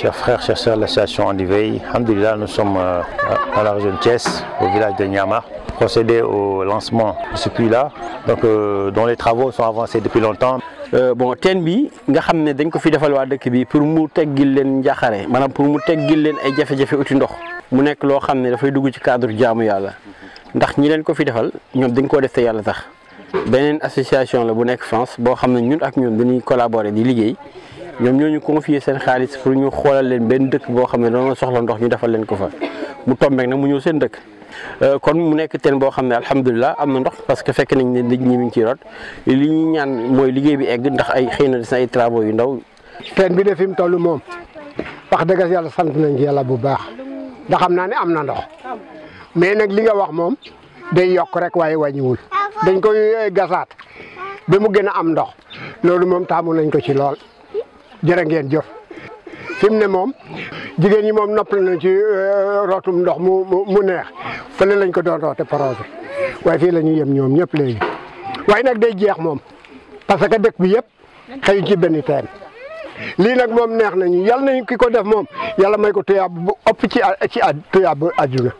Chers frères, chers sœurs la l'association en la nous sommes euh, à la région de Thiès, au village de Nyama procéder au lancement de ce puits-là, donc euh, dont les travaux sont avancés depuis longtemps. Euh, bon tenbi nga xam dañ ko fi defal wa dëkk bi pour mu teggil leen njaaxare manam pour mu teggil leen ay jafé jafé uti ndox mu nekk lo xam da fay dugg ci cadre jaamu yalla ndax ñi leen ko fi defal ñom dañ ko def te yàlla tax association la bu nekk France bo xam ñun ak ñun dañuy collaborer di liggéey ñom ñoo ñu confier seen xaalis pour ñu xolal leen benn dëkk bo xam dañu soxla ndox ñu defal leen ko fa mu tombé nak mu ñëw seen dëkk Euh, kon mu nekk teen boo xam ne alhamdulilah am na ndox parce que fekk nañ ne nit ñi mi ngi ciy root li ñuy ñaan mooy liggéey bi egg ndax ay xëy na des na ay travaux yu ndaw. teen bi de fi mu toll moom wax dëgg yàlla sant nañ ci yàlla bu baax ndax xam naa ne am na ndox mais nag li nga wax moom day yokk rek waaye wàññiwul dañ koy eh, gasaat ba mu gën a am ndox loolu moom taamu nañ ko ci lool jërë ngeen jëf fi ne moom jigen yi mom noppal nañ ci euh, rotum ndox mu mu neex fële lañ ko doon roote projet way fi lañu ñuy yem ñoom ñëpp léegi waaye nag day jeex mom parce que dekk bi yëpp xey ci benn teen li nak mom neex nañu yalla nañ kiko def mom yalla may ko tuyaab bu ëpp ci ci a tuyaab aduna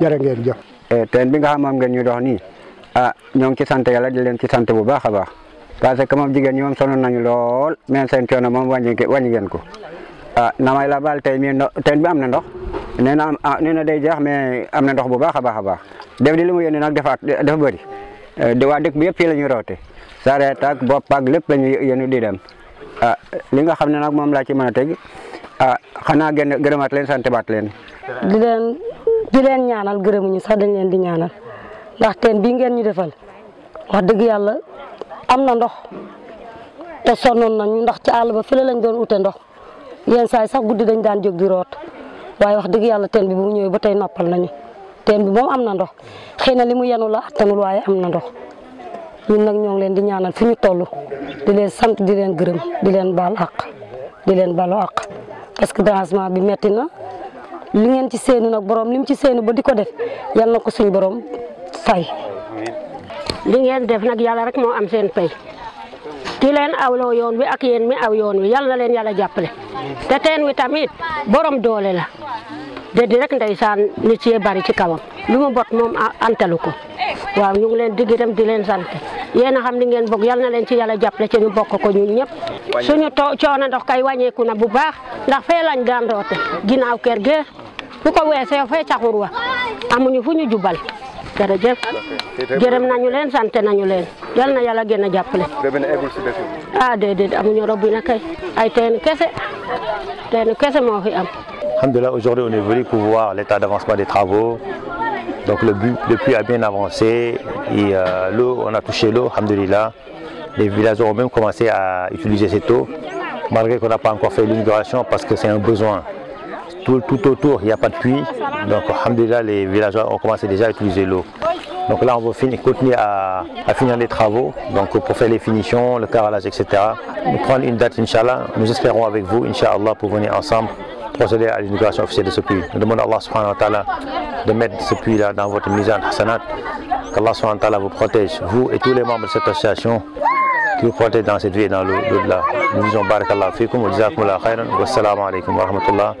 yara ngeen jox jëf eh, teen bi nga xam am ngeen ñu dox ni ah ñong ci sant yalla di leen ci sant bu baaxa baax parce que mom jigen ñi moom sonoon nañu lool mais seen ciono mom wàññi wàññi ngeen ko a ah, na may la baal teen bi am na ndox nee na ah nee na day jeex mais am na ndox bu baax a baax a baax def di li mu yónnee nag dafa dafa bëri eh, di waa dëkk bi yëpp fii la ñuy roote sareet ak bopp ak lépp la di dem a ah, li nga xam ne nag moom laa ci mën a teg ah xanaa gën gërëmaat leen sant baat leen. di leen di leen ñaanal gërëmuñu sax leen di ñaanal ndax teen bi ngeen ñu defal wa dëgg yàlla am na ndox te sonnoon nañu ndax ci àll ba fële lañ doon ute ndox. yeen saa sax guddi dañ daan jog di rot way wax deug yalla teen bi bu ñewé ñëwee ba tey noppal nañu teen bi mom amna ndox xeyna limu yanu la tanul way amna ndox ñun nak ñong leen di ñaanal fiñu tollu di leen sant di leen gërëm di leen bal di leen balu parce que bi metti na li ngeen ci seenu nak borom lim ci seenu ba diko def yalla na ko borom fay li ngeen def nak yalla rek mo am seen pay ki leen awloo yoon wi ak yéen mi aw yoon wi yal na leen yàlla jàppale te teen wi tamit borom doole la déedéet rek ndeysaan nit yee bari ci kawam lu mu bot moom antalu ko waaw ñu ngi leen digg itam di leen sant yéen a xam ni ngeen bok yal na leen ci yàlla jàppale ci ñu bokk ko ñun ñëpp suñu coono ndox kay wàññeeku na bu baax ndax fee lañ daan roote ginnaaw kër ge bu ko weesee fee caxur wa amuñu fu ñu jubal jërëjëf gërëm nañu leen sant nañu leen yal na yàlla gën a jàppale. ah déedéet amuñu robinet kay ay teen kese teen kese moo fi am. alhamdulillah aujourd'hui on est venu pour voir l'état d'avancement des travaux donc le, but, le puits a bien avancé et euh, l'eau on a touché l'eau alhamdulillah les villageois ont même commencé à utiliser cette eau malgré qu'on n'a pas encore fait l'inauguration parce que c'est un besoin tout, autour, il n'y a pas de puits. Donc, alhamdulillah, les villageois ont commencé déjà à utiliser l'eau. Donc là, on va finir, continuer à, finir les travaux, donc pour faire les finitions, le carrelage, etc. Nous prenons une date, Inch'Allah. Nous espérons avec vous, Inch'Allah, pour venir ensemble procéder à l'inauguration officielle de ce puits. Nous demandons à Allah subhanahu wa ta'ala de mettre ce puits-là dans votre misère Hassanat. Qu'Allah subhanahu wa ta'ala vous protège, vous et tous les membres de cette association qui vous protègent dans cette vie et dans l'au-delà. Nous disons barakallah fikum wa jazakumullah khairan wa alaikum wa rahmatullah.